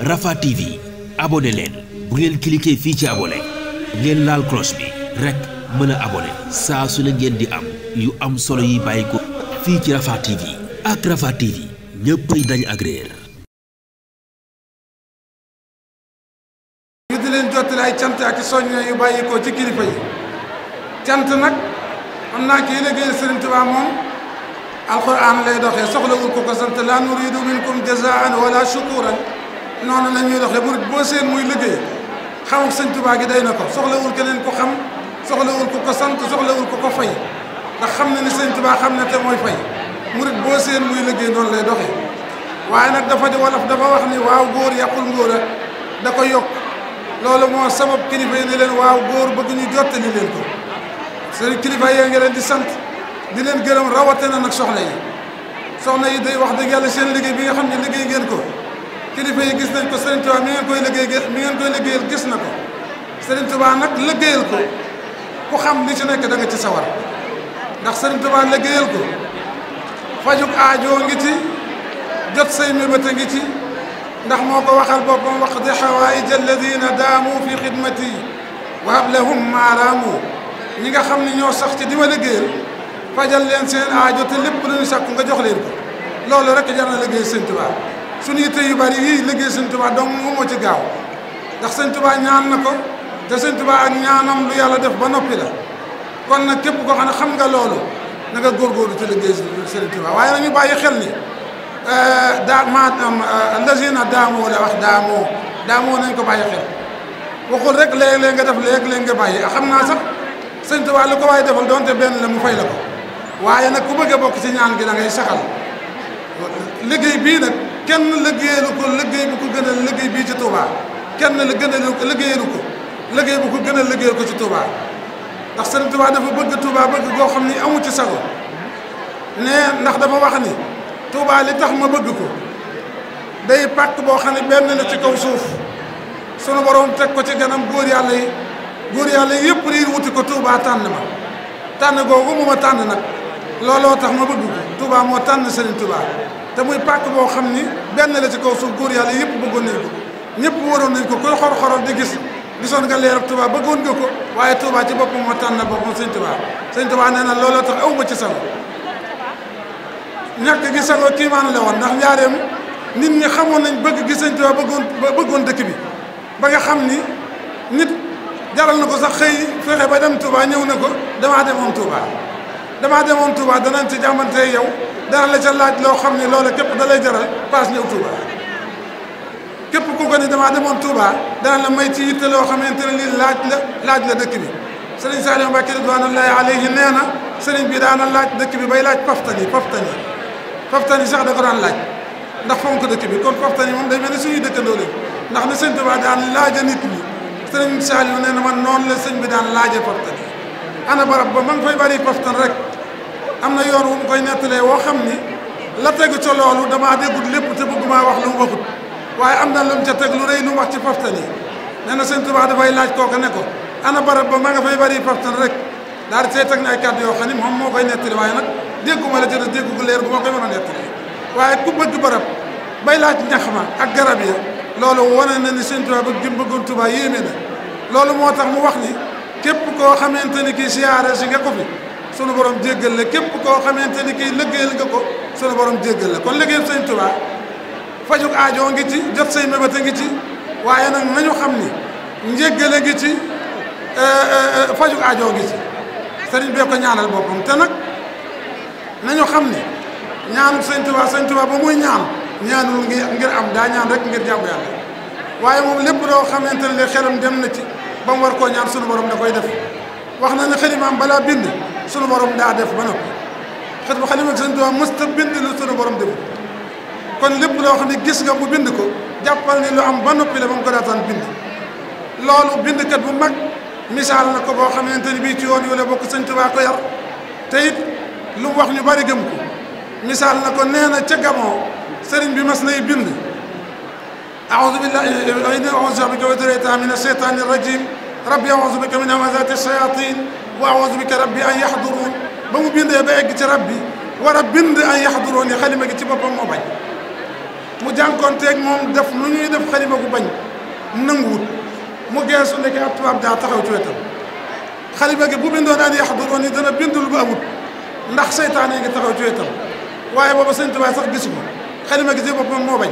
Rafah TV abonné leen bu ngeen cliquer fii ci abonné ngeen laal cloche bi rek mën a abonné saa su ne ngeen di am yu am solo yi bàyyi ko fii ci Rafah TV ak Rafah TV ñëppay dañ ak réer. ngir di leen jottali cant ak soññe yu bàyyi ko ci kilifa yi cant nag am naa kii liggéeyal Serigne Touba moom. alquran lay doxee soxlawul ko ko sant laa nuridu minkum jazaan wala shukuran noonu la ñuy doxee murit boo seen muy liggéey xamul sëñ Tuubaa gi day na ko soxlawul keneen ko xam soxlawul ko ko sant soxlawul ko ko fay ndax xam na ni sëñ Tuubaa xam na te mooy fay murit boo seen muy liggéey noonu lay doxee waaye nag dafa di wolof dafa wax ni waaw góor yàqul ngóor a da ko yokk loolu moo sabab kilifa yi ne waaw góor bëgg ñu jottali leen ko seen kilifa yee ngi leen di sant di leen gërëm rawatina nag soxna yi soxna day wax dëgg yàlla seen liggéey bi nga xam ne liggéey ngeen ko kilifa yi gis nañ ko Serigne Touba mi ngeen koy mi ngeen koy liggéeyal gis na ko Serigne Touba nag liggéeyal ko ku xam li ci nekk da nga ci sawar ndax Serigne Touba liggéeyal ko fajuk aajoo ngi ci jot say mébéta ngi ci ndax moo ko waxal boppam wax di xawaayij alladina daamu fi xidmati wa ablahum maaraamu ñi nga xam ni ñoo sax ci di ma liggéeyal fajal leen seen aajo te lépp lu ñu sàkku nga jox leen ko loolu rek jar na liggéey Serigne suñu yitte yu bari yii liggéey sëñ Tuubaa dong moo ci gaaw ndax sëñ Tuubaa ñaan na ko te sëñ Tuubaa ak ñaanam lu yàlla def ba noppi la kon nag képp koo xam ne xam nga loolu na nga góorgóorlu ci liggéey sëñ Tuubaa waaye nañu bàyyi xel ni euh, daa maanaam euh, lazina daamoo la wax daamoo daamoo nañ ko bàyyi xel waxul rek léeg-léeg nga def léeg-léeg nga bàyyi xam naa sax sëñ Tuubaa lu ko waaye defal donte benn la mu fay la ko waaye nag ku bëgg bokk ci ñaan bi da ngay saxal liggéey bii nag. kenn liggéeyalu ko liggéey bu ko gën a liggéey bii ci Touba kenn la gën a liggéeyalu ko liggéey bu ko gën a liggéeyal ko ci Touba ndax Sëriñ Touba dafa bëgg Touba bëgg goo xam ni amu ci sago ne ndax dafa wax ni Touba li tax ma bëgg ko day pàkk boo xam ne benn la ci kaw suuf sunu borom teg ko ci ganam góor yàlla yi góor yàlla yi yëpp di wuti ko Touba tànn ma tànn googu mu ma tànn nag looloo tax ma bëgg ko Touba moo tànn Sëriñ Touba. te muy pàkk boo xam ni benn la ci kaw suuf góor yàlla yëpp bëggoon nañ ko ñëpp waroon nañ ko koy xor-xoroon di gis gisoon nga leerab Tuubaa bëggoon nga ko waaye Tuubaa ci boppam moo tànn boppam sëñ Tuubaa sëñ Tuubaa nee na looloo tax aw ma ci sago ñàkk gi sago kiimaan la woon ndax njaareem nit ñi xamoon nañ bëgg gi sëñ Tuubaa bëggoon bëggoon dëkk bi ba nga xam ni nit jaral na ko sax xëy fexe ba dem Tuubaa ñëw na ko damaa demoon Tuubaa damaa demoon Tuubaa danañ ci jàmmante yow dara la ca laaj loo xam ne loola képp da lay jaral paas ñëw Touba képp ku ko ni damaa demoon Touba dana la may ci yitte loo xamante ne lii laaj la laaj la dëkk bi sëriñ Saliou Mbacke ridwanullahi alayhi nee na sëriñ bi daana laaj dëkk bi bay laaj paftani paftani paftani sax da ko daan laaj ndax fonk dëkk bi kon paftani moom day mel ni suñuy dëkkandoo lañ ndax ni sëñ Touba daan laaja nit ñi sëriñ Saliou nee na man noonu la sëñ bi daan laaja paftani ana barab ba man ngi fay bari paftan rek am na yoon wu mu koy nettalee woo xam ni la tegu ca loolu damaa déggut lépp te bëggumaa wax lu mu waxut waaye am na lu mu ca teg lu rëy lu mu wax ci paftan yi nee na sëñ Tuubaa dafay laaj kooka ne ko ana barab ba ma nga fay bari paftan rek daal di say teg na ay kàddu yoo xam ni moom moo koy nettali waaye nag dégguma la ca des déggu leer bu ma koy mën a nettalee waaye ku bëgg barab bay laaj ñax ma ak garab ya loolu wa na ni sëñ Tuubaa bëgg gi mu bëggoon Tuubaa na loolu moo tax mu wax ni képp koo xam ni kii siyaare si nga sunu borom jéggal la képp koo xamante ni kii liggéeyal nga ko sunu borom jéggal la ko liggéeyal sëñ Tuubaa fajug aajoo ngi ci jot say mébét a ngi ci waaye nag nañu xam ni njéggale ngi ci euh, euh, euh, fajug aajoo ngi sëriñ bee ko ñaanal boppam te nag nañu xam ni ñaanul sëñ Tuubaa sëñ Tuubaa ba muy ñaan ñaanul ngir am daa ñaan rek ngir jàmm yàlla waaye moom lépp loo xamante ne xelam dem na ci ba mu war koo ñaan sunu borom da koy def wax na ne xalimaam balaa bind sunu borom daa def ba noppi xët bu xalima sëñ Tuubaa mësta bind lu sunu borom def kon lépp loo xam ne gis nga mu bind ko jàppal ni lu am ba noppi la ba mu ko daataan bind loolu bindkat bu mag misaal na ko boo xamante ni bii ci yoon yu la bokk sëñ Tuubaa ko yar te it lu mu wax ñu bari gëm ko misaal na ko nee na ca gamoo sëriñ bi mas nay bind a aoudu billahi aoudu bi gawdureta min asheytani irajim rabbi aouzu bika min hamazati shayatin wa aouzu bika rabbi an yahduruun ba mu bindee ba egg ci rabbi war a bind an yahduruun yi xalima gi ci boppam moo bañ mu jànkoonteeg moom def lu ñuy def xalima gu bañ nanguwut mu geesu ndeke ab tubaab daa taxaw ci wetam xalima gi bu bindoon an yahduruun yi dana bind lu ba amut ndax seytaane yi ngi taxaw ci waaye booba sëñ tubaab sax gisu ko xalima gi ci boppam moo bañ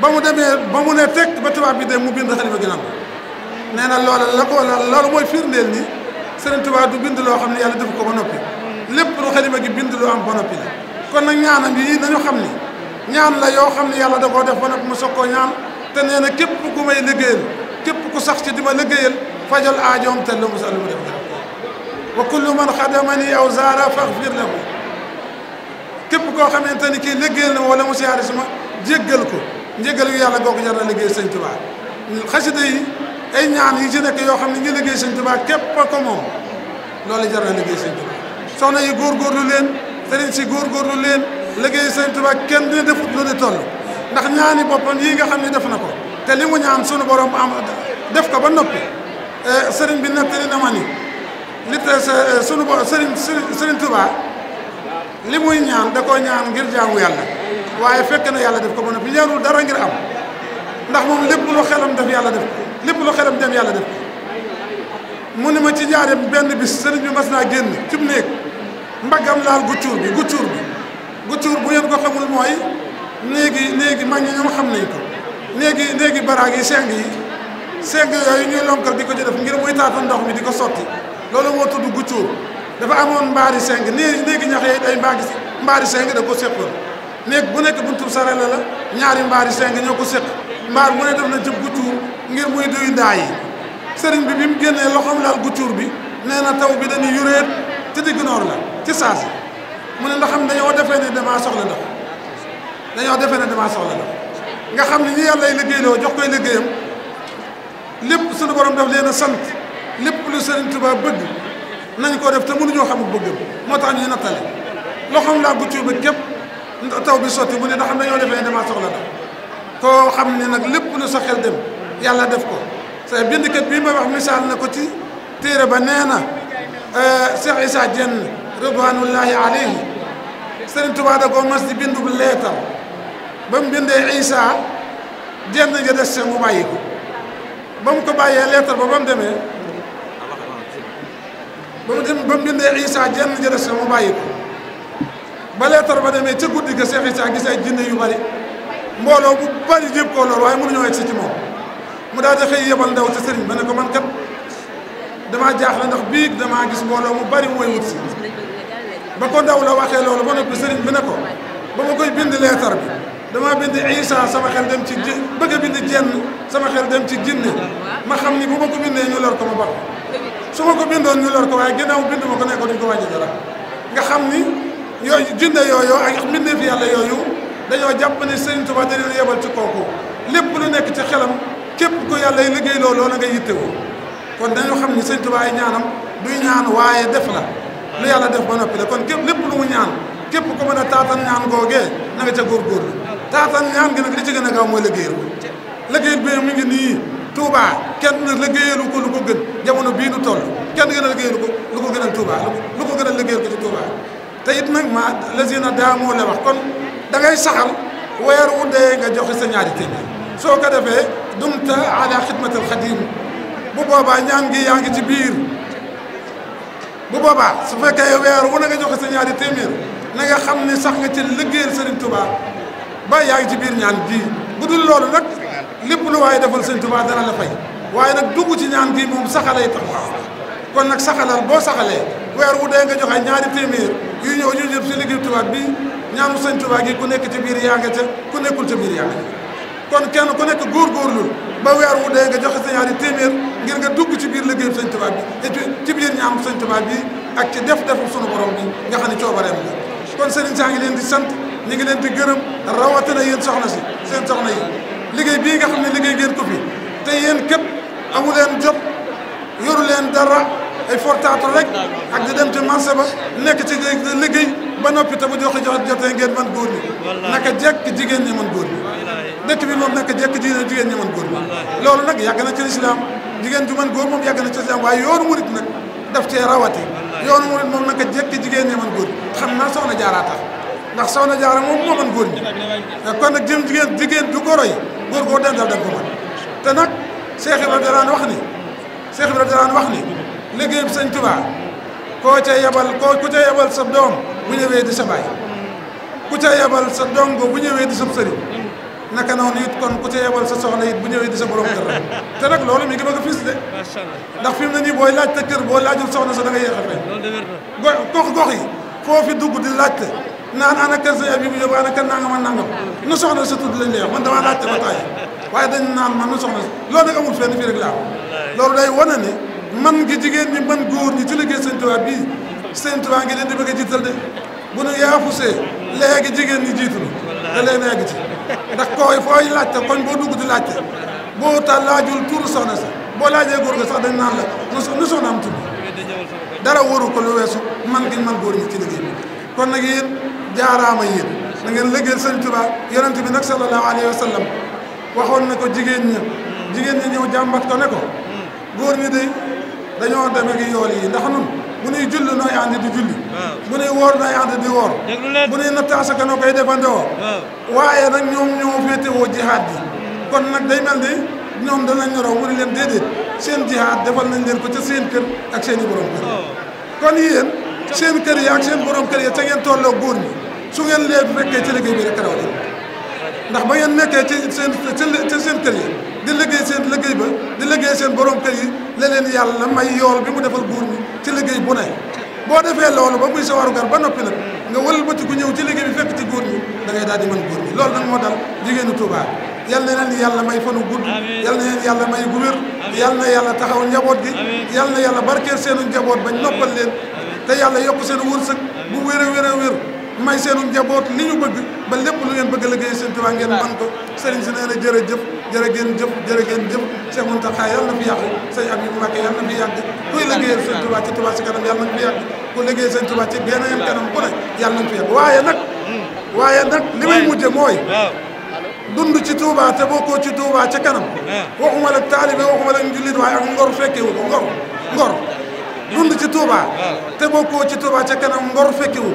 ba mu demee ba mu ne teg ba tubaab bi dem mu bind xalima gi nangu nee na loola la ko la loolu mooy firndeel ni Serigne Touba du bind loo xam ne yàlla def ko ba noppi lépp lu xalima gi bind lu am ba noppi la kon xam ni ñaan la yoo xam ne yàlla da koo def ba noppi mu soog koo ñaan te nee na képp ku may liggéeyal képp ku sax ci di ma liggéeyal fajal aajoom te lu mu sa lu mu def wa kullu man xadamani aw zaara faxfir lahu képp koo xamante ni kii liggéeyal na wala mu siyaare suma jéggal ko njéggal yu yàlla googu jar na liggéey sëñ Tuubaa xasida yi ay ñaan yi ci nekk yoo xam ne ñu liggéey sëñ Tuubaa képp ko moom loolu jar na liggéey sëñ Tuubaa góor yi góorgóorlu leen sëriñ si góorgóorlu leen liggéey sëñ Tuubaa kenn dina defut lu ni toll ndax ñaani boppam yi nga xam ne def na ko te li mu ñaan sunu borom am def ko ba noppi eh, sëriñ bi nettali na ma ni li te eh, sunu bo sëriñ sëriñ Tuubaa li muy ñaan da koo ñaan ngir jaamu yàlla waaye fekk na yàlla def ko ba noppi ñaanul dara ngir am ndax moom lépp lu xelam def yàlla def lépp lu xelam dem yàlla def mu ne ma ci ñaaree benn bis sëriñ bi mas naa génn cib néeg mbaggam laal guccuur bi guccuur bi guccuur bu ngeen ko xamul mooy néegi néegi mag ñi ñoom xam nañ ko néegi néegi baraag yi seng yi seng yooyu ñuy lonkal di ko ci def ngir muy taatu ndox mi di ko sotti loolu moo tudd guccuur dafa amoon mbaari seng néegi néegi ñax yooyu day mbaagi mbaari seng da ko séqoon néeg bu nekk buntu sarale la ñaari mbaari seng ñoo ko séq mbaar mu ne def na jëb guccuur ngir muy duy daa yi sëriñ bi bi mu génnee loxoom laal guccur bi nee na taw bi dañuy yuréet ci digg noor la ci saasi mu ne ndax xam dañoo defee ne damaa soxla ndox dañoo defee ne damaa soxla ndox nga xam ne ñi yàlla liggéeyloo jox koy liggéeyam lépp suñu borom daf leen a lépp lu sëriñ Tuubaa bëgg nañ ko def te mënuñoo xam bëggam moo tax ñuy nattale loxoom laa guccur bi képp taw bi sotti mu ne ndax xam dañoo defee ne damaa soxla ndox koo xam ne nag lépp lu sa xel dem yàlla def ko sa bindkat bii ma wax misaal na ko ci téere ba nee na eh, Cheikh Issa Dieng ridwanullahi alayhi Sëriñ Tuubaa da ko mas di bindub leetar ba mu bindee Issa Dieng nga des se mu bàyyi ko ba mu ko bàyyee leetar ba ba demee ba mu bindee Issa Dieng nga des mu bàyyi ko ba leetar ba demee ca guddi ga Cheikh Issa gis ay jinne yu mbooloo bu bari jépp koo loolu waaye mënuñoo egsi ci moom mu daal di xëy yebal ndaw ci sëriñ ba ne ko man kat damaa jaaxle ndax biig damaa gis mbooloo mu bari mooy wut si ba ko ndaw la waxee loolu ba noppi sëriñ bi ne ko ba ma koy bind leetar bi damaa bind Isa sama xel dem ci ji bëgg a jenn sama xel dem ci jinne ma xam ni bu ma ko bindee ñu lor ko ma baax su ma ko bindoon ñu lor ko waaye ginnaaw bind ma ko ne ko duñ ko wàññi dara nga xam ni yooyu jinne yooyu ak mbindeef yàlla yooyu dañoo jàpp ne Sëriñ Tuubaa dañu yebal ci kooku lépp lu nekk ci xelam képp ko yàlla liggéey loolu loola ngay yittewoo kon dañoo xam ni sëñ Tuubaa ay ñaanam duy ñaan waaye def la lu yàlla def ba noppi la kon képp lépp lu mu ñaan képp ko mën a taatan ñaan googee na nga ca góorgóorlu taatan ñaan gi nag li ci gën a gaaw mooy liggéeyal ko liggéeyal bi mi ngi nii Tuubaa kenn na liggéeyalu ko lu gën jamono bii nu toll kenn gën a liggéeyalu ko lu ko gënal Tuubaa lu ko gën a liggéeyal ko ci Tuubaa te it nag ma lazina daamoo la wax kon da ngay saxal weer wu dee nga joxe sa ñaari téeméer soo ko defee dumta ala xidmatal xadim bu boobaa ñaan gi yaa ngi ci biir bu boobaa su fekkee weer wu na nga joxe sa ñaari téeméer na nga xam ne sax nga ci liggéeyal Serigne Touba ba yaa ngi ci biir ñaan gi bu dul loolu nag lépp lu waaye defal Serigne Touba dana la fay waaye nag dugg ci ñaan gi moom saxalay tax kon nag saxalal boo saxalee weer wu dee nga joxe ñaari téeméer yu ñëw ñu ñëpp si liggéey Touba bi ñaanu Serigne Touba gi ku nekk ci biir yaa nga ca ku nekkul ca biir yaa kon kenn ku nekk góorgóorlu ba weer wu dee nga joxe sa ñaari téeméer ngir nga dugg ci biir liggéeyu sëñ Tuubaa bi et puis ci biir ñaam sëñ Tuubaa bi ak ci def-defu sunu borom bi nga xam ne coobareem la kon sëriñ saa ngi leen di sant ñu ngi leen di gërëm rawatina yéen soxna si seen soxna yi liggéey bii nga xam ne liggéey ngeen ko fi te yéen képp amu leen jot yoru leen dara ay fortaatu rek ak di dem ci marché ba nekk ci liggéey ba noppi te bu joxe joxe jotee ngeen man góor ñi naka jekk jigéen ñi man góor dëkk bi moom nekk jekk ji na jigéen ñi mën góor loolu nag yàgg na ci lislaam jigéen ju mën góor moom yàgg na ci lislaam waaye yoonu murit nag daf cee rawati yoonu murit moom naka jekk jigéen ñi mën góor xam naa soxna jaara tax ndax soxna jaara moom moo mën góor ñi kon nag jëm jigéen jigéen du ko roy góor goo dendal da ko mën te nag Cheikh Ibrahima Daraan wax ni Cheikh Ibrahima Daraan wax ni liggéey bi sëñ Tuubaa koo ca yebal koo ku ca yebal sa doom bu ñëwee di ku ca yebal sa dongo bu ñëwee di sa naka noonu it kon ku ca yebal sa soxla it bu ñëwee di sa borom kër rek te nag loolu mi ngi bëgg a fis de ndax fi mu ne nii booy laajte kër boo laajul soxna sa da nga a fay go gox gox yi foo fi dugg di laajte naan ana kër sa abi bu yóbbu ana kër nangam ak nangam nu soxna sa tudd lañ lay wax man damaa laajte ba taay waaye dañ naan man nu soxna loolu nag amul fenn fii rek laa loolu day wane ne man gi jigéen ñi man góor ñi ci liggéey seen tubaab bii seen tubaab ngi leen di bëgg a jiital de bu nu yaafusee léegi jigéen ñi jiitu da leen egg ci ndax koy fooy laajte koñ boo dugg di laajte boo ta laajul tur soxna sax boo laajee góor nga sax dañ naan la nu soxna am tudd dara waru ko lu weesu man giñ man góor ñi ci liggéey kon nag yéen jaaraama yéen da ngeen liggéeyal sëñ Tuubaa yonent bi nag sallallahu alayhi wa sallam waxoon na ko jigéen ña jigéen ñi ñëw jàmbat ko ne ko góor ñi day dañoo dem ak yool yi ndax nun bu nuy julli nooy ànd di julli bu nuy woor nooy ànd di woor bu nuy nattaa sa kanoo koy defandewoo waaye nag ñoom ñoo féetewoo jihaad ji mm. kon nag day mel ni ñoom danañ ñu raw mu ni leen déedéet seen jihaad defal nañ leen ko ca seen kër ak seen i borom kër oh. kon yéen seen kër yi ak seen borom kër yi ca ngeen tolloo góor ñi su ngeen leen fekkee ci bi rek ndax ba ngeen nekkee ci seen ci seen kër yi di liggéey seen liggéey ba di liggéey seen borom kër yi la yàlla may yool bi mu defal buur bi ci liggéey bu ne boo defee loolu ba muy sa warugar ba noppi nag nga wëlbatiku ñëw ci liggéey bi fekk ci góor ñi da ngay daal di mën loolu nag moo dal jigéenu Tuubaa yal na leen yàlla may fanu gudd yal na leen yàlla may gu wér yal na yàlla taxaw njaboot gi yal na yàlla barkeel seenu njaboot bañ noppal leen te yàlla yokk seen wërsëg bu wér a wér may seenu njaboot li ñu bëgg ba lépp lu ngeen bëgg a liggéey seen Tuubaa ngeen man ko sëriñ si nee na jërëjëf jërë ngeen jëm jërë ngeen jëf Cheikh Mountakha yàlla na fi yàgg sëñ Abibou Mbacké yàlla na fi yàgg kuy liggéeyal seen Tuubaa ci Tuubaa si kanam yàlla na fi ku liggéey seen ci beneen kanam na fi yàgg waaye nag hmm. waaye nag li may mujje mooy dund ci Touba te koo ci Touba ca kanam waxuma la taalibe waxuma la njullit waaye ak ngor fekkewu ko ngor ngor dund ci Touba te bokkoo ci Touba ca kanam ngor fekkewu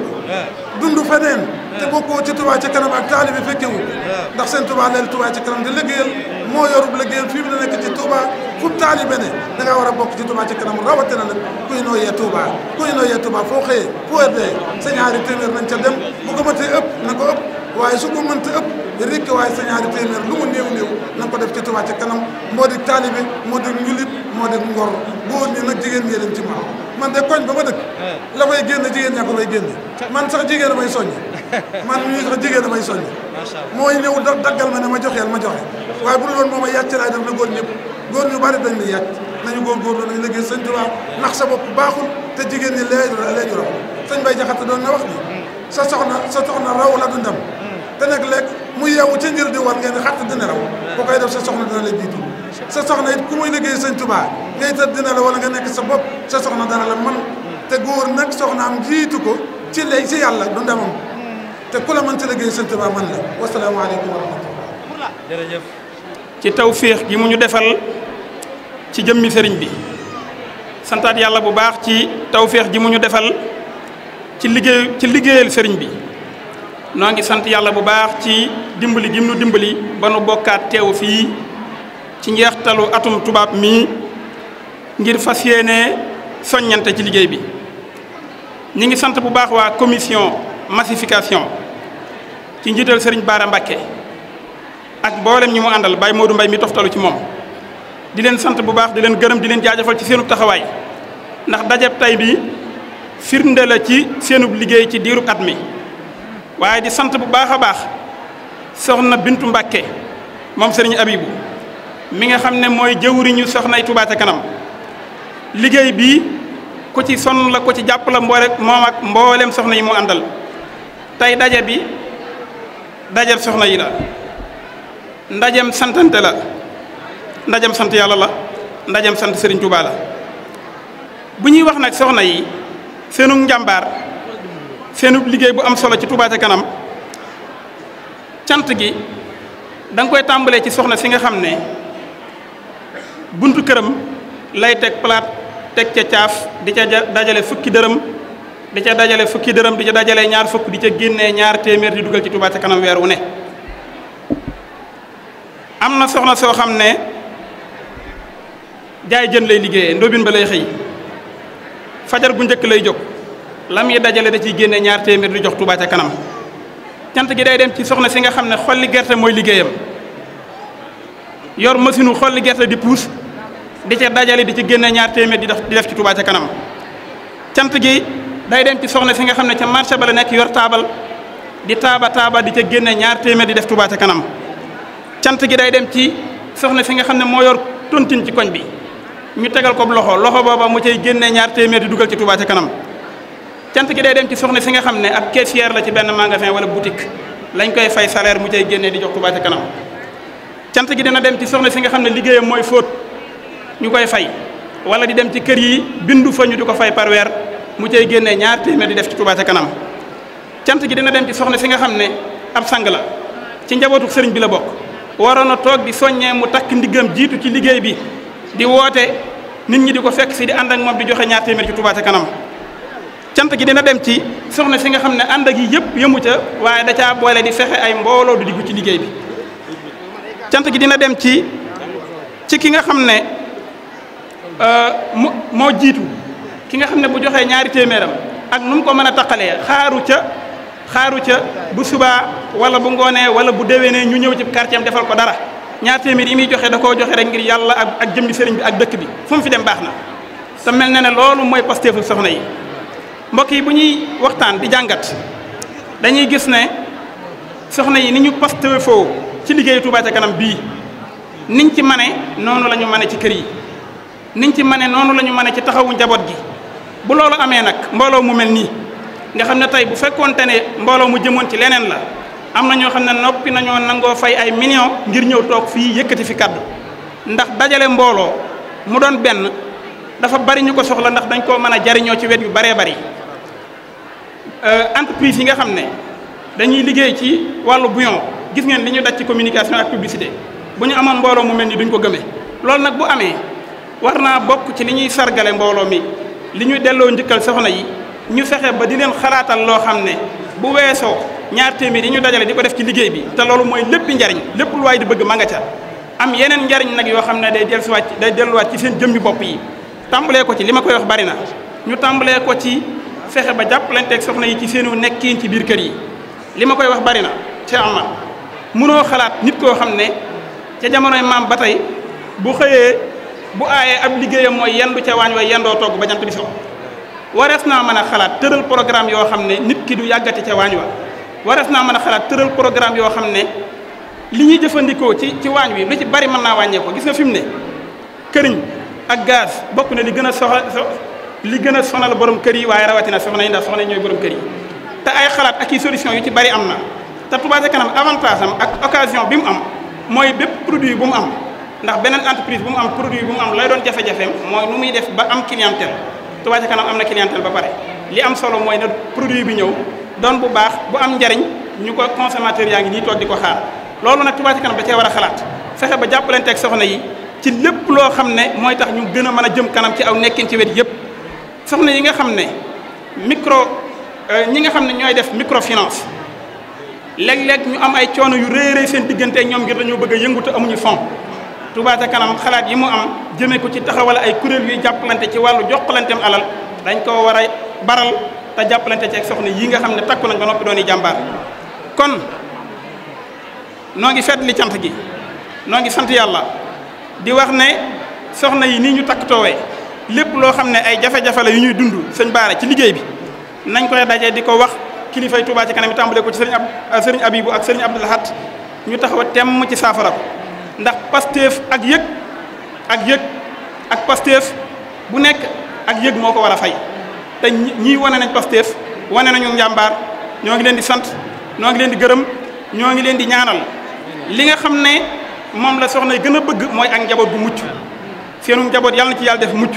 dund feneen te bokkoo ci Touba ca kanam ak taalibe fekkewu ndax seen Touba leel Touba ca kanam di liggéeyal moo yorub liggéeyal fii mu ne nekk ci Touba fu taalibe ne da ngaa war bokk ci Touba ca kanam rawatina nag kuy nooyee Touba kuy nooyee Touba foo xëyee foo ëppee sa ñaari téeméer nañ ca dem bu ko matee ëpp na ko ëpp waaye su ko mënta ëpp rekk waaye sa ñaari téeméer lu mu néew néew na ko def ci Touba ca kanam moo di taalibe moo di njulit moo di ngor góor ñi nag jigéen ñee leen ci man de koñ ba ma dëkk la fay génn jigéen ñaa ko fay génne man sax jigéen damay soññi man mii sax jigéen damay soññi mooy ñëw daggal ma ne ma joxeel ma joxe waaye bu dul woon mooma yàcc laay def na góor ñëpp góor ñu bari dañ la yàcc nañu góorgóorlu nañu liggéey sëñ Touba ndax sa bopp baaxul te jigéen ñi lee lee ñu raw sëñ Bay Jaxate doon na wax ni sa soxna sa soxna raw la du dana lekk mu yeewu ca njër di war ngeen xatt dina raw ku koy def sa soxna dana la jiitu sa soxna it ku muy liggéey sëñ Tuubaa ngay tëdd dina la wala nga nekk sa bopp sa soxna dana la man te góor nag soxna am jiitu ko ci lay ci yàlla du ndamam te ku la mën ci liggéey sëñ Tuubaa man la wasalaamaaleykum wa rahmatullah jërëjëf ci tawféex gi mu ñu defal ci jëmmi sëriñ bi santaat yàlla bu baax ci tawféex ji mu ñu defal ci liggéey ci liggéeyal sëriñ bi noo ngi sant yàlla bu baax ci dimbali gim nu dimbali ba nu bokkaat teew fii ci njeextalu atum tubaab mi ngir fas yéene soññante ci liggéey bi ñi ngi sant bu baax waa commission massification ci njiital sëriñ Baara Mbàkke ak mboolem ñi mu àndal moo Modou mbay mi toftalu ci moom di leen sant bu baax di leen gërëm di leen jaajëfal ci seenub taxawaay ndax dajeb bi firnde ci seenub liggéey ci diirub at mi waaye di sant bu baax a baax soxna Bintu Mbàkke moom sëriñ Abibu mi nga xam ne mooy jëwriñu soxnay Touba ca kanam liggéey bi ku ci sonn la ku ci jàpp la mboole moom ak mboolem soxna yi mu àndal tey daje bi dajab soxna yi la ndajem santante la ndajem sant yàlla la ndajem sant sëriñ Touba la bu ñuy wax nag soxna yi seenu njàmbaar seenub liggéey bu am solo ci Touba kanam cant gi danga koy tàmbalee ci soxna si nga xam ne buntu këram lay teg palaat teg ca caaf di ca dajale fukki dërëm di ca dajale fukki dërëm di ca dajale ñaar fukk di ca génnee ñaar téeméer di dugal ci Touba ca kanam weer wu ne am na soxna soo xam ne jaay jën lay liggéeyee ndóobin ba lay xëy fajar bu njëkk lay jóg lam yi dajale da ciy génne ñaar téeméer di jox Touba ca kanam cant gi day dem ci soxna si nga xam ne xolli gerte mooy liggéeyam yor machine u xolli gerte di puus di ca dajale di ci génne ñaar téeméer di def ci Touba ca kanam cant gi day dem ci soxna si nga xam ne ca marché ba la nekk yor taabal di taaba taaba di ca génne ñaar téeméer di def Touba ca kanam cant gi day dem ci soxna si nga xam ne moo yor tontine ci koñ bi ñu tegal ko loxo loxo booba mu cay génne ñaar téeméer di dugal ci Touba ca kanam cant gi day dem ci soxna si nga xam ne ab caissière la ci benn magasin wala boutique lañ koy fay salaire mu cay génnee di jox Touba ca kanam cant gi dina dem ci soxna si nga xam ne liggéeyam mooy fóot ñu koy fay wala di dem ci kër yi bindu fa ñu di ko fay par mu cay génnee ñaar di def ci Touba ca kanam cant gi dina dem ci soxna si nga xam ne ab sang la ci njabootu sëriñ bi la bokk waroon a toog di soññee mu takk ndiggam jiitu ci liggéey bi di woote nit ñi di ko fekk si di ànd ak moom di joxe ñaar téeméer ci Touba kanam cant gi dina dem ci soxna si nga xam ne ànd ak yi yëpp yëmu ca waaye da caa boole di fexe ay mbooloo du diggu ci liggéey bi cant gi dina dem ci ci ki nga xam ne euh, moo jiitu ki nga xam ne bu joxee ñaari téeméeram ak nu ko mën a taqalee xaaru ca xaaru ca bu subaa wala bu ngoonee wala bu déwénee ñu ñëw ci quartier defal ko dara ñaar téeméer yi muy joxe da koo joxe rek ngir yàlla ak ak jëm di sëriñ bi ak dëkk bi fu fi dem baax na te na ne loolu mooy pastéefu soxna yi mbokk yi bu ñuy waxtaan di jàngat dañuy gis ne soxna yi ni ñu posté foo ci liggéeyu Touba ca kanam bii niñ ci mane noonu lañu ñu mane ci kër yi niñ ci mane noonu lañu ñu mane ci taxawu njaboot gi bu loolu amee nag mbooloo mu mel nii nga xam ne tey bu fekkoonte ne mbooloo mu jëmoon ci leneen la am na ñoo xam ne noppi nañoo nangoo fay ay millions ngir ñëw toog fii yëkkati fi kaddu ndax dajale mbooloo mu doon benn dafa bari ñu ko soxla ndax dañ ko mën a jariñoo ci wet yu baree bari Euh, entreprise yi nga xam ne dañuy liggéey ci bu bouillon gis ngeen li ñu daj ci communication ak publicité bu ñu amoon mbooloo mu mel ni duñ ko gëmee loolu nag bu amee war naa bokk ci li ñuy sargale mbooloo mi li ñu delloo njëkkal soxna yi ñu fexe ba di leen xalaatal loo xam ne bu weesoo ñaar téeméer yi ñu dajale di ko def ci liggéey bi te loolu mooy lépp njariñ lépp lu waay di bëgg ma nga ca am yeneen njariñ nag yoo xam ne day dellusiwaat day delluwaat ci seen jëmmi bopp yi tàmbalee ko ci li ma koy wax bari na ñu tàmbalee ko ci fexe ba jàppalanteeg soxna yi ci seenu nekkiin ci biir kër yi li ma koy wax bari na ci Amar mënoo xalaat nit koo xam ne ca jamonoy maam ba tey bu xëyee bu aayee ab liggéeyam mooy yendu ca waañ way yendoo togg ba jant bi so warees naa mën a xalaat tëral programme yoo xam ne nit ki du yàggati ca waañ wa warees naa mën a xalaat tëral programme yoo xam ne li ñuy jëfandikoo ci ci waañ wi lu ci bari mën naa wàññee ko gis nga fi mu ne këriñ ak gaz bokk na li gën a soxla li gën a sonal borom kër yi waaye rawatina soxna yi ndax soxna yi ñooy borom kër yi te ay xalaat ak i solution yu ci bari am na te Touba ca kanam avantage am ak occasion bi mu am mooy bépp produit bu mu am ndax beneen entreprise bu mu am produit bu mu am lay doon jafe-jafeem mooy nu muy def ba am clientèle Touba ca kanam am na clientèle ba pare li am solo mooy na produit bi ñëw doon bu baax bu am njariñ ñu ko consommateur yaa ngi nii toog di ko xaar loolu nag Touba ca kanam da cee war a xalaat fexe ba jàppalanteeg soxna yi ci lépp loo xam ne mooy tax ñu gën a mën a jëm kanam ci aw nekkin ci wet yëpp soxna yi nga xam ne micro euh, ñi nga xam ne ñooy def microfinance léeg-léeg ñu am ay coono yu rëy rëy seen diggante ñoom ngir dañoo bëgg a yëngu amuñu fonk Touba ca kanam xalaat yi mu am jëmee ko ci taxawal ay kuréel yuy jàppalante ci wàllu joxalanteem alal dañ ko war a baral te jàppalante ci ak soxna yi nga xam ne takku na nga noppi doon yi jàmbaar kon noo ngi fedd li cant gi noo ngi sant yàlla di wax ne soxna yi nii ñu takk toowee lépp loo xam ne ay jafe-jafe la yu ñuy dund sëñ baara ci liggéey bi nañ koy dajee di ko wax kilifay Touba ci kanam yi tàmbale ko ci sëriñ ab euh, sëriñ Abibu ak sëriñ Abdul Ahad ñu taxaw temm ci saafara ko ndax Pastef ak yëg ak yëg ak Pastef bu nekk ak yëg moo ko war a fay te ñii wane nañ Pastef wane nañu njàmbaar ñoo ngi leen di sant ñoo ngi leen di gërëm ñoo ngi leen di ñaanal li nga xam ne moom la soxna yi gën a bëgg mooy ak njaboot bu mucc seenu njaboot yàlla ci yàlla def mucc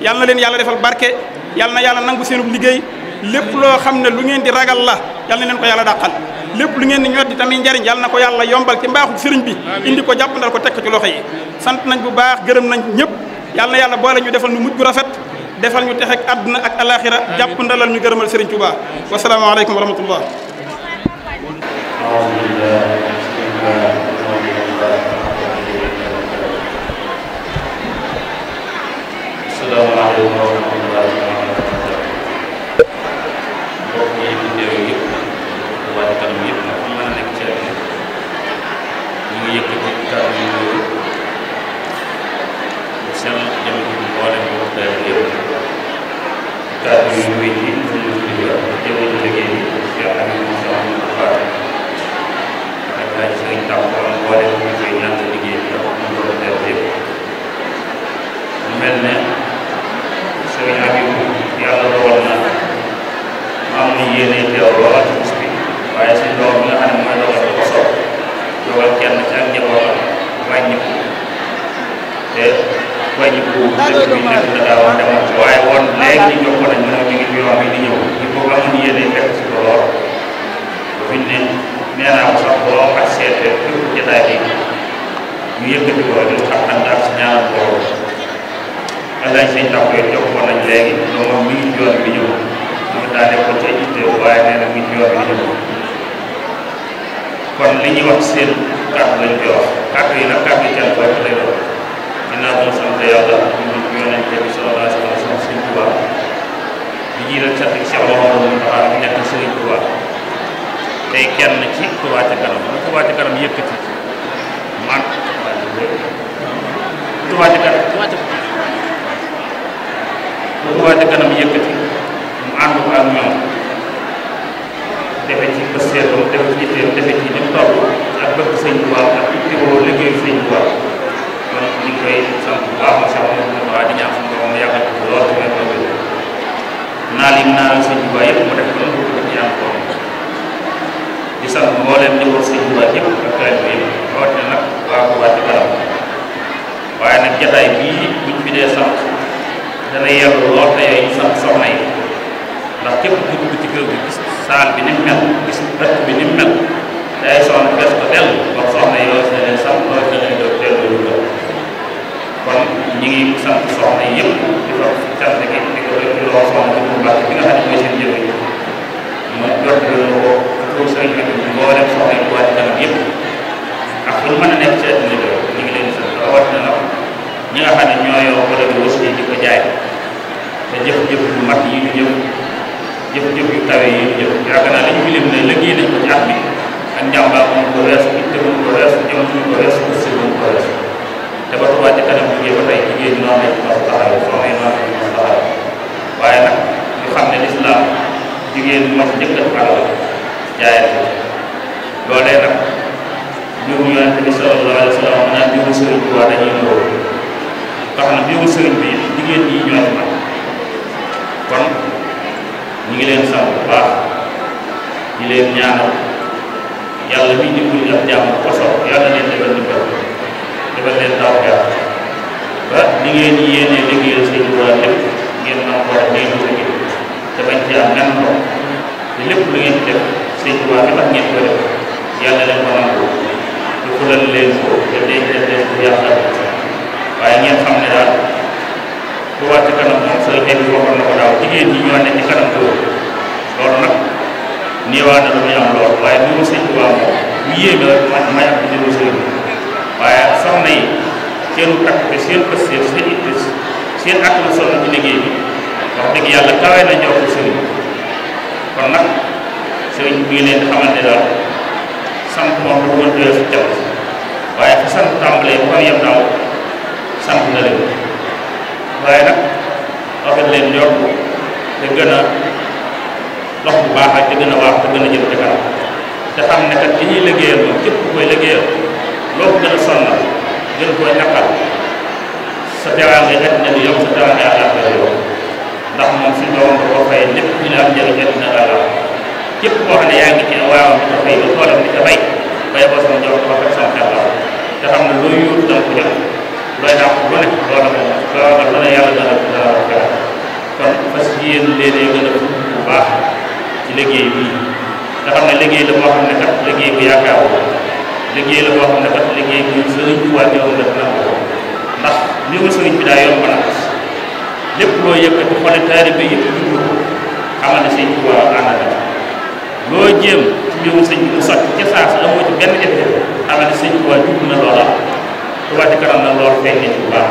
yal na leen yàlla defal barke yal na yàlla nangu seenub liggéey lépp loo xam ne lu ngeen di ragal la yal na leen ko yàlla dàqal lépp lu ngeen di ñoddi tamit njariñ yal na ko yàlla yombal ci mbaaxu sëriñ bi indi ko jàppandal ko teg ko ci loxo yi sant nañ bu baax gërëm nañ ñëpp yal na yàlla boole ñu defal ñu mujj gu rafet defal ñu texe ak àdduna ak alaxira jàppandalal ñu gërëmal sëriñ Tuubaa wasalaamaaleykum wa rahmatullah salaamaaleykum jëmmu sëriñ bi jigéen ñi ñoo fi man kon ñu ngi leen sant baax di leen ñaanal yàlla mi dimbali ak jàmm koso yàlla leen defal dimbal defal leen taw yaa ba ni ngeen yéenee liggéeyal seen waa lépp ngeen man ko day dugi te bañ ci am ngan ko te lépp lu ngeen def seen waa li tax ngeen ko yàlla leen ko nangu ñu fulal leen ko te day def leen bu yàlla waaye ngeen xam ne daal Touba ca kanam moom sa xëy bi waxoon na ko daaw jigéen ñi ñoo nekk ci kanam góor loolu nag néewaa na lu muy am lool waaye bu ma sëñ Touba moom bu yéeme rek man may am di jëlu sëñ waaye soxna yi seenu takk bi seen pësteef seen itte seen ak lu sonn ci liggéey bi wax dëgg yàlla kawe na ñoo ko sëriñ kon nag sëriñ bi ngi leen xamal ne daal sant moom lu mën doyoo waaye fa sant tàmbalee bu am yem sant na leen waaye a sa teewaan xet na di sa teewaan ngay àllaaxira yokk ndax moom suñu doom da koo fay lépp ñu la am njëriñ xet na àlla képp koo xam ne yaa ngi ci waawam jox looy dàq lu ne loola loola lu ne yàlla dana dana la gërëm kon fas yéen léeg-léeg gën a bu baax ci liggéey bii nga ne liggéey la boo xam ne kat liggéey bu yaakaar liggéey la boo ne kat liggéey ndax ni ko bi daa yomb na lépp loo yëkkati xooli taalibe yi jublu ko xamal ne sëñ bi waa ànd na loo jéem ci mbirum sëñ bi mu sotti ca saa si amoo ci benn jafe xamal ne sëñ bi waa jublu na loola Touba Ca Kanam na loolu feeñ nañ bu baax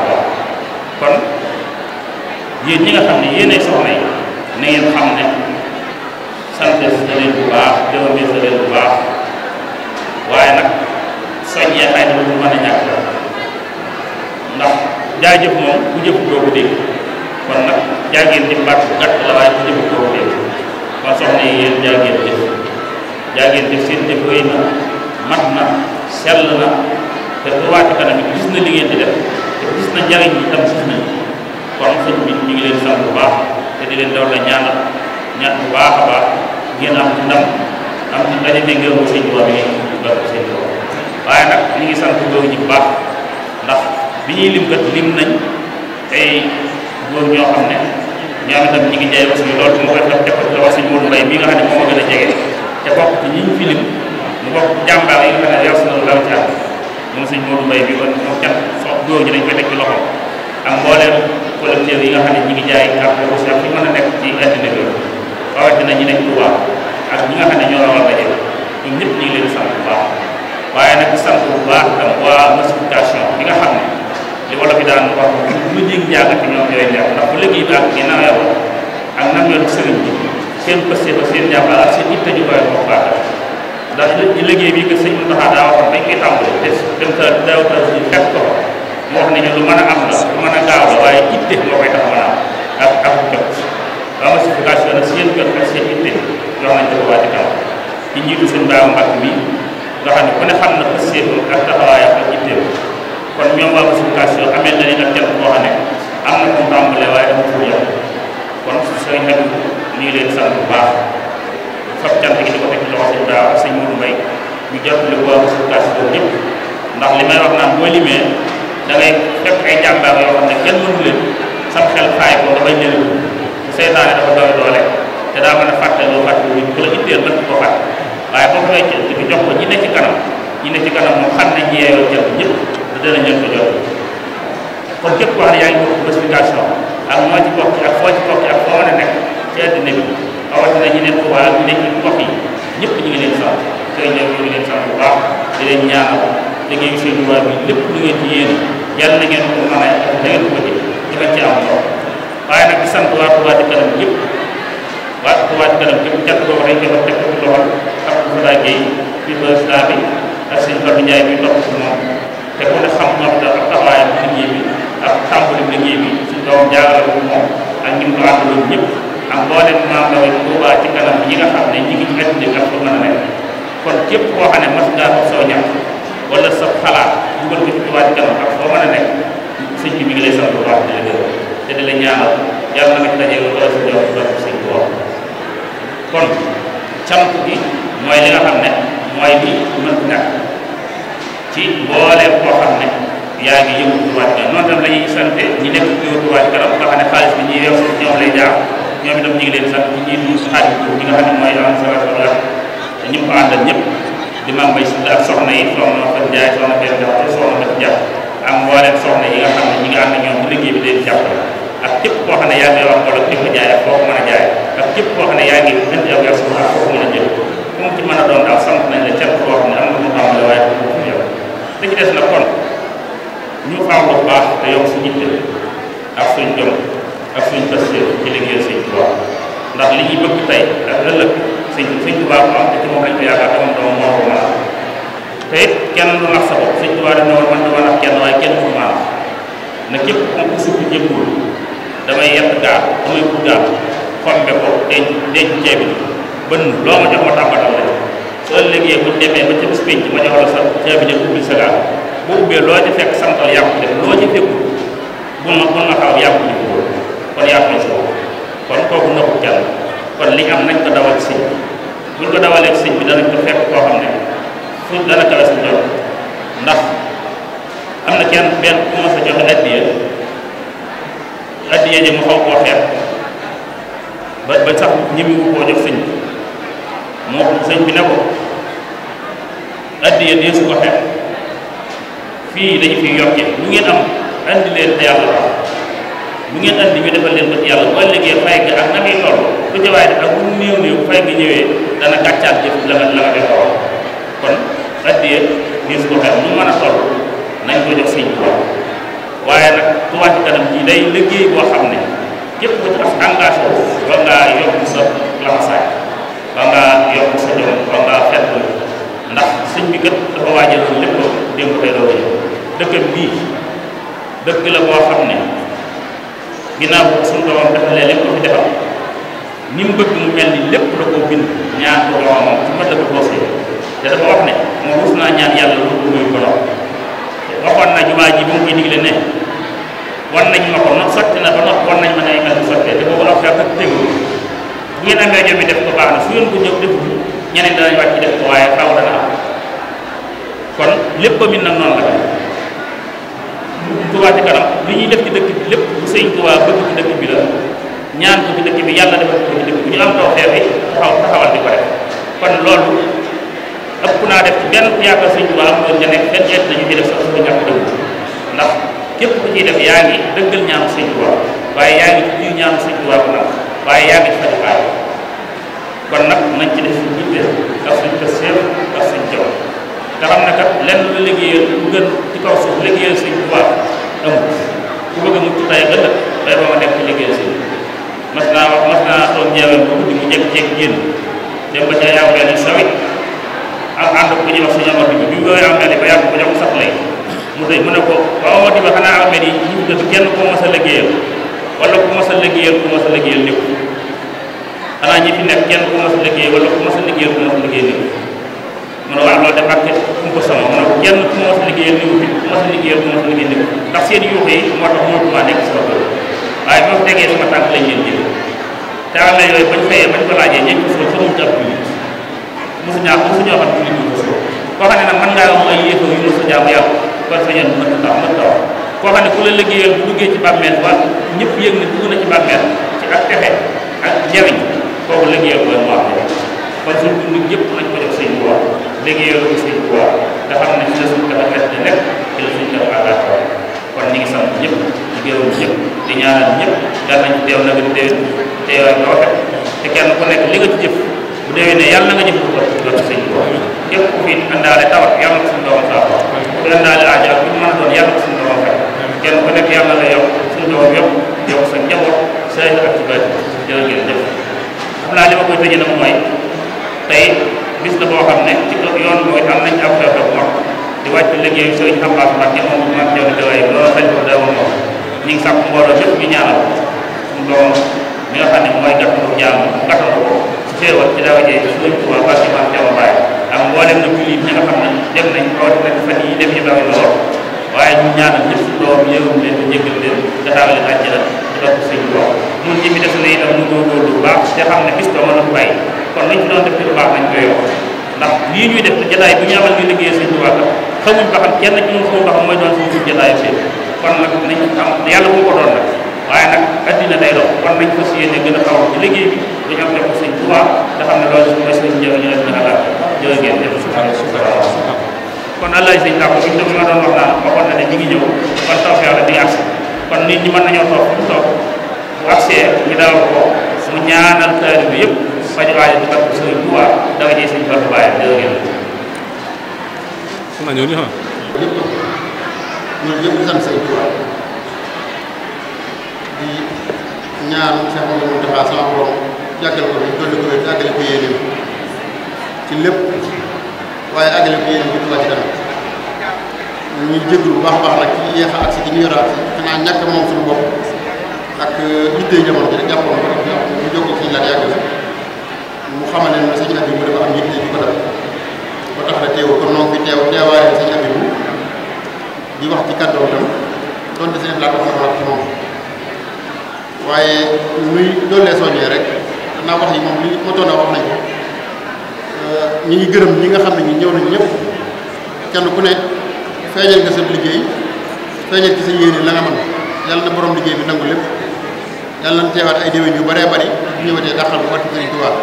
kon yéen ñi nga xam ne yéenay soxna yi na xam ne sant na leen bu baax jëmale na leen bu baax waaye nag soññee xay na bu mën a ñàkk ndax jaajëf moom ku jëf doo ko kon nag jaageen di baat bu la waaye ku jëf doo ko dégg kon soxna yi yéen jaageen jëf jaageen jëf seen jëf na mat na sell na. te Touba Ca Kanam gis na li ngeen di def te gis na njariñ yi tam gis nañ kon bu baax di leen daw la a baax ngeen am ci ndam nag ñu ngi sant góor ñi bu baax ndax bi ñuy lim kat lim nañ ay góor ñoo xam ne ñoom itam ñi ngi jaay wax suñu loolu mu rafet te ko te nga xam ne moom gën a jege te bokk ci ñu fi lim mu bokk jàmbaar yi nga xam ne yor suñu law ci moom sëñ Modou Mbaye bi kon moom cat so dóor ji dañ koy teg ci loxo ak mbooleem collecteurs yi nga xam ne ñi ngi jaay ak aussi ak ñu mën a nekk bu seen pëste ba seen jàmbaar ak seen itte ñu koy ndax ci liggéey bi que sëñ Mountakha daa waxoon dañ koy tàmbali daaw ta suñu fekk ko mu wax nañu lu mën a am la lu mën a gaaw la waaye itte koy tax mën a am ak ak jot massification nag seen jot ak seen itte jox nañ ko waa ci kaw ci njiitu sëñ Baa Mbàkke mi nga xam ne ku am na ku tàmbalee waaye dama ko yàq kon sëñ bi ñu ngi leen sant bu baax fab cant gi di ko teg loxo sëñ Daaw ak sëñ Mourou Mbaye ñu jàppale waa Kaas boobu ñëpp ndax li may wax naan boo limee da ngay fekk ay jàmbaar ne kenn mënu leen sam xel faay ko dafay jëriñ te seytaane dafa doole doole te daa mën a fàtte loo fàtte bu ko la jox ko ñi ci kanam ñi ci kanam moom xam ne ñeewal jël ñëpp te dana ñëw ko jot kon képp koo ne yaa ngi bokk bés bi ak moo ci bokk ak foo ci bokk ak foo rawatina ñi nekk waa ñu nekk gox yi ñëpp ñu ngi leen sant sëriñ bi ñu ngi leen sant bu baax di leen ñaanal liggéeyu seen waa bi a ngeen ko ci dina ci waaye nag di sant waa Touba Ca Kanam yëpp waa Touba Ca Kanam yëpp jàpp boobu dañ koy wax teg ko loxol ak Moussa Gueye ne xam nga mu ko àndaloon mboolem maam la woon Touba ci kanam a kon képp koo sa xalaat dugal ko ci a mooy li nga xam ne mooy bi mën nag ci mbooleem koo xam ne yaa ngi yëngu Touba kanam noonu tam la sante ñi nekk ci Touba ci kanam nga xam ne xaalis bi ñuy yor ñoom lay jaar ñoom itam ñu ngi leen sant ñi ñu xarit ko ñi nga xam ne mooy am salaat wala te ñu ko àndal ñëpp di maam bay sida ak soxna yi soxna Fatou Ndiaye soxna Père Diakhaté soxna Fatou Diakhaté ak mbooleem soxna yi nga xam ne ñi nga ànd ñoom bu liggéey bi leen jàppale ak képp koo xam ne yaa ngi wax wala képp jaay ak koo mën a jaay ak képp koo xam ne yaa ngi indi yow yaa soxla ak koo mën a jël ku mu ci mën a doon daal sant nañ la cat koo xam ne am nga mu xam la waaye yow li ci des na kon ñu xaw bu baax te yow suñu yitte ak suñu jom ak suñ pastéef ci liggéeyal sëñ Tuubaa ndax li ñuy bëgg tey ak ëllëg sëñ sëñ Tuubaa ko am te ci moom lañ ko yaakaar te moom dama moo ko a te it kenn du man dama kenn waaye kenn du mën na képp ku ko damay yett gaar ko denc denc ceeb bi bën loo ma jox ma tàmbatam rek su ëllëgee bu demee ba ca bis pénc ma jox la sa ceeb bi ubbil sa gaar bu ubbee loo ci fekk santal yàqu loo ci fekk bu ma bu ma xaw yàqu kon yaa kon kooku naxu kenn kon li am nañ ko dawal si buñ ko dawalee si bi danañ ko fekk koo xam ne fu dana kawe si jot ndax am na kenn benn ku sa jox sëñ bi moo ko addiya dee su ko fi yokkee lu ngeen am andi te yàlla bu ngeen andi ñu defal leen bët yàlla bu ëllëgee fay ga ak na muy toll lu ca waaye def ak néew néew fay ga ñëwee dana gàccaat jëf la la nga def tool kon addiya gis ko xel mu mën a toll nañ ko jox sëñ bi waaye nag Tuubaa ci kanam ji day liggéey boo xam ne képp ku ci engagé wu ba ngaa sa laxasaay ba ngaa yokk sa jom ba ngaa xet ndax sëñ bi kat dafa waajal lépp démb tey loolu dëkkam bii dëkk la boo xam ne ginnaaw boobu suñu doomam defalee lépp lu fi defal ni mu mu mel ni lépp la koo bind ñaan ko doomam ci te dafa wax ne moom rus naa ñaan yàlla loolu mooy borom waxoon na jumaa ji ba mu koy digle ne war nañ ma ko nag sotti na ba nag war nañ ma ne ay mel bu sottee te boobu ak ak tegu bu ngeen amee jëm def ko baax na su ngeen ko jóg def ñeneen danañ wàcc def ko waaye faaw dana am kon lépp ba min nag noonu la Touba Ca Kanam li ñuy def ci dëkk bi lépp sëñ Touba bëgg ci dëkk bi la ñaan ko ci dëkk bi yàlla defal ko ci dëkk bi ñu am taw xeer bi taxaw taxawal di ko def kon loolu ëpp naa def ci benn yaakaar sëñ Touba am doon ja nekk benn ci def sax suñu ñàkk dëkk ndax képp ku ciy def yaa ngi dëggal ñaanu sëñ Touba waaye yaa ngi ci biir ñaanu sëñ Touba bu nag waaye ci faj ci def suñu yitte ak suñu kër ak suñu nga xam ne kat lenn la liggéeyal bu gën ci kaw suuf liggéeyal sëñ Tuubaa amul ku bëgg a mucc tey ëllëg day ba ma nekk ci liggéeyal sëñ mas naa wax mas naa toog njeewal ba guddi mu jékki bi bi mu am mel ba mu tey mu ne ko waaw amatu bi xanaa amee ni ñu kenn ko mas a liggéeyal wala ku mas a liggéeyal ku mas a liggéeyal lépp xanaa ñi fi nekk kenn ku mas a liggéeyal wala ku mas a liggéeyal ku mas a liggéeyal lépp mu ne waaw loolu de mbàkke kumpa sama mu moo tax mënatuma na yooyu bañ ko laajee ñëpp so xamuñ ci ab yàlla koo xam ne ku la liggéeyal bu duggee ci bàmmeel wa ñëpp yëg ne dugg na ci bàmmeel ci ak texe ak njariñ kooku liggéeyal ko moo ne kon suñu dund yëpp nañ ko jox sëñ bi liggéeyal ko suñ boor nga xam ne ci la suñ dafa xet di nekk ci la suñ dafa àggaat kon ñu ngi sant ñëpp di gërëm ñëpp di ñaanal ñëpp yàlla nañ teew na nga teew teewaay nga waxee te kenn ku nekk li nga ci jëf bu déwee ne yàlla na nga jëf lu ko jot suñ boor képp ku fi àndaale tawat yàlla na ko suñ doom saa ku àndaale aajo ak bu mën a doon yàlla na ko suñ doom fay kenn ku nekk yàlla la yokk suñ doom yokk yokk sa njaboot sa ak ci bari jërë ngeen jëf xam naa li ma koy tëjee nag mooy tey bis la boo xam ne ci kër yoon mooy am nañ ab xew-xew bu mag di wàcc liggéeyu sëriñ Abbas Mbacke moom ma teew di dawaay loolu sañ ko dawal moom ñu ngi sàkk mbooloo bépp ñu ñaanal suñu doom mi nga xam ne mooy gàtt bu jaamu gàtt ko su xéewal ci dawa jee sëriñ Touba Mbacke maam teew Mbaye ak mboolem na ñi nga xam ne dem nañ lool rek fan yi dem yi bari lool waaye ñu ñaanal ñëpp suñu doom yërëm leen di jéggal leen gataawal leen àjjana di dokk suñu doom ñun ñi fi def na itam ñu góorgóorlu bu baax te xam ne bis ba mën a bàyyi kon lañ doon def ci baax nañ koy wax ndax lii ñuy def jataay bu ñu amal ñu liggéey sëñ Tuubaa la xamuñ ba xam kenn ci doon suñu jataayu nag nañ am bu ko doon nag waaye nag addina kon nañ fas yéene gën a xaw bi dañu am def ko kon ñi ngi ñëw kon taw nit ñi mën nañoo toog mu toog bu agsee ñu dawal ko mu ñaanal taalibe yëpp fajul aajo bi parce que Sëriñ Tuuba dafa jël seen toolu baayam dëgg ngeen la. xam naa ñooñu xanaa. ñëpp ñun ñëpp sant Sëriñ Tuuba di ñaan Cheikh Mamadou Moustapha sama borom yàggal ko fi dolli ko fi àggale ko yéene ci lépp waaye àggale ko yéene bi Tuuba ci kanam ñuy jégalu bu baax baax nag ci yéex a agsi gi ñu yoraat xanaa ñàkk moom suñu bopp ak liggéey jamono ji rek jàppoon ko ñu jokkoo ci laaj yàgg mu xamal leen ne sëñ dafa am yitte ju ko def ba tax na teew kon noo fi teew teewaayal sëñ Abibu di wax ci kàddoom tam doon di seen laa ko xamal ci moom waaye muy doolee soññee rek danaa wax yi moom li motoon a wax nañ ko euh, ñu ngi gërëm ñi nga xam ne ñu ñëw nañ ñëpp kenn ku ne feeñal nga sa liggéey feeñal ci sa yéene la nga mën yàlla na borom liggéey bi nangu lépp yàlla na teewaat ay déwén yu bëree bëri ñëwatee dàqal bu wàttu Sëriñ Tuubaa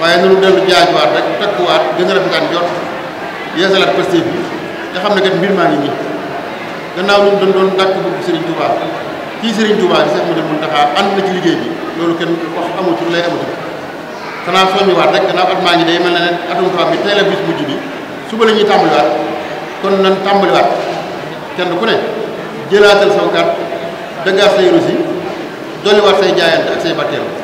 waaye nanu dellu jaajuwaat rek takkuwaat gën a rafetaan jot yeesalaat pasté bi te xam ne kat mbir maa ngi nii gannaaw lu doon doon dàkk bu Serigne Touba kii Serigne Touba di Cheikh Mouhamadou Mountakha ànd na ci liggéey bi loolu kenn wax amatul lay amatul xanaa soññiwaat rek gannaaw at maa ngi day mel ne nen atum tubaab bi teel a bis suba la ñuy tàmbaliwaat kon nan tàmbaliwaat kenn ku ne jëlaatal saw kat dëggaat say rusi dolliwaat say jaayante ak say batteelu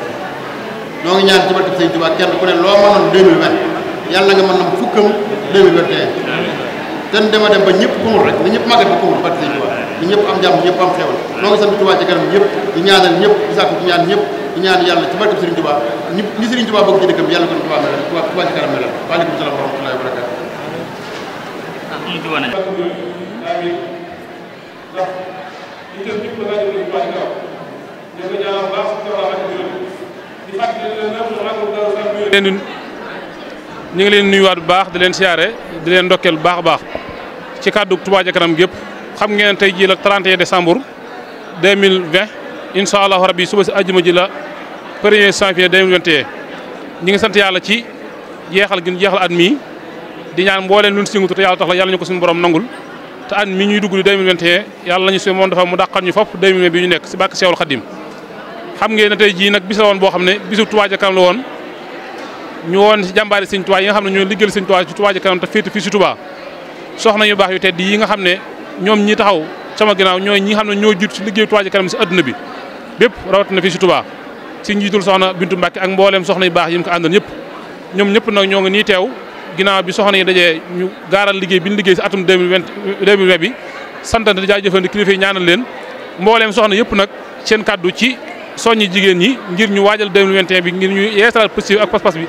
noo ñaan ci barke Sëñ Tuubaa kenn ku ne loo mënoon 2020 yàlla nga mën na fukkam 2021 ten dema dem ba ñëpp kumul rek na ñëpp màggal ba kumul barke Sëñ Tuubaa ni ñëpp am jàmm ñëpp am xewal noo ngi sant Tuubaa ci kanam ñëpp di ñaanal ñëpp di ñaan ñëpp di ñaan yàlla ci barke Sëñ Tuubaa ñi ni Sëñ Tuubaa bëgg ci dëkkam yàlla ko Tuubaa ci kanam melal ñu ngi leen nuyuwaat bu baax di leen siyaare di leen ndokkeel bu baax a baax ci kàddu Touba ca kanam gépp xam ngeen tey jii la 31 décembre 2020 incha allahu rabi suba si àjjuma ji la premier janvier 2021 ñi ngi sant yàlla ci jeexal gi ñu jeexal at mii di ñaan mbooleen lu ñu singutu te yàlla tax la yàlla ñu ko suñu borom nangul te at mii ñu dugg di 2021 yàlla ñu suñu moom dafa mu dàqal ñu fopp 2020 bi ñu nekk si bàkk Seexul Xadim xam ngeen ne tey jii nag bis la woon boo xam ne bisu Touba ca kanam la woon ñu woon si jàmbaari Sëñ Touba yi nga xam ne ñoo liggéeyal Sëñ Touba ci Touba ca kanam te féete fii si Touba soxna yu baax yu tedd yi nga xam ne ñoom ñii taxaw sama ginnaaw ñooy ñi nga xam ne ñoo jiitu si liggéey Touba ca kanam si adduna bi bépp rawatina fii si Touba si njiitul soxna Bintu Mbàkke ak mbooleem soxna yu baax yi mu ko àndoon ñëpp ñoom ñëpp nag ñoo ngi nii teew ginnaaw bi soxna yi dajee ñu gaaral liggéey bi ñu liggéey si atum 2020 bi santante jaajëfandi kilifa yi ñaanal leen mbooleem soxna yëpp nag seen kàddu ci soññi jigéen ñi ngir ñu waajal 2021 bi ngir ñu yeesalaat positif ak pas-pas bi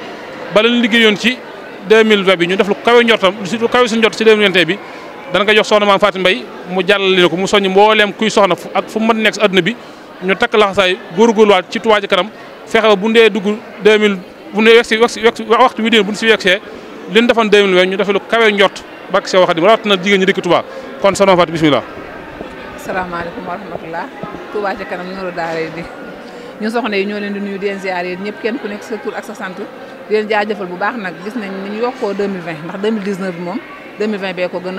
ba leen liggéeyoon ci 2020 bi ñu def lu kawe njortam lu kawe suñu njort ci 2021 bi dana ko jox soxna maam Fatou Mbaye mu jàllale leen ko mu soññ mbooleem kuy soxna ak fu mën nekk si bi ñu takk laxasaay góorgóorluwaat ci Touba Ca Kanam fexe ba bu ndee dugg 2000 bu ndee wegsi wegsi waxtu wi déen bu ñu si wegsee li ñu defoon 2020 ñu def lu kawe njort bàkk see waxati rawatina jigéen ñi dëkk Touba kon soxna Fatou bismillah asalaamaaleykum wa rahmatullah Touba Ca Kanam nuuru daara di ñu soxna yi ñoo leen di nuyu di leen ziar yéen ñëpp kenn ku nekk sa tur ak sa sant di leen jaajëfal bu baax nag gis nañ ni ñu yokkoo 2020 ndax 2019 bi moom 2020 bee ko gën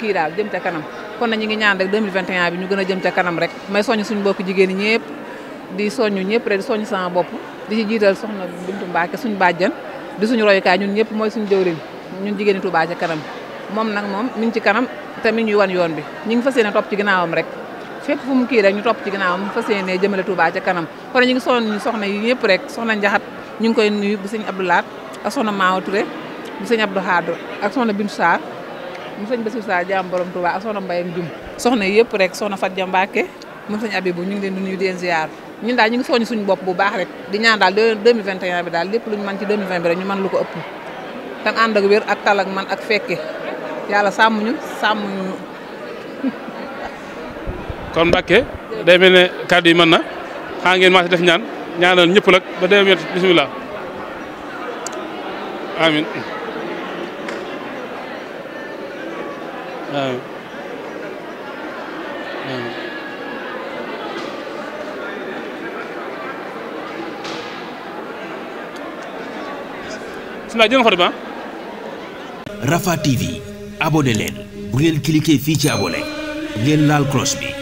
kii daal jëm ca kanam kon nag ñu ngi ñaan rek 2021 bi ñu gën a jëm ca kanam rek may soññ suñu mbokk jigéen ñi ñëpp di ñu ñëpp rek di soññ sama bopp di ci jiital soxna Bintu ke suñu bàjjan di suñu royukaay ñun ñëpp mooy suñu jëwriñ ñun jigéen ñi Touba ca kanam moom nag moom mi ngi ci kanam te mi ñuy yoon bi ñu ngi fas yéene topp ci ginnaawam rek fépp fu mu kii rek ñu topp ci ginnaawam fas yéenee jëmale Touba ca kanam kon ñu ngi sonn soxna yi yëpp rek soxna Njaxat ñu ngi koy nuyu bu sëñ Abdou Lahat ak soxna Maama Touré bu sëñ Abdou Khadre ak soxna jaam borom Touba ak soxna Mbayam Jum soxna yi yëpp rek soxna Fatou Mbacke mu sëñ Abibou ñu ngi leen di nuyu di leen ziar daal ñu ngi suñ suñu bopp bu baax rek di ñaan daal 2021 bi daal lépp lu ñu mën ci 2020 ñu mën lu ko ëpp tan ànd ak ak tal ak man ak fekke yàlla sàmm ñu sàmm kon Mbàkke day mel ne kàddu yi mën na xaa ngeen maa def ñaan ñaanal ñëpp nag ba déwén yéen bisimilah amin amin sëñ jël photo ba ah. Rafah TV abonné leen bu ngeen cliquer fii ci abonné ngeen laal cloche bi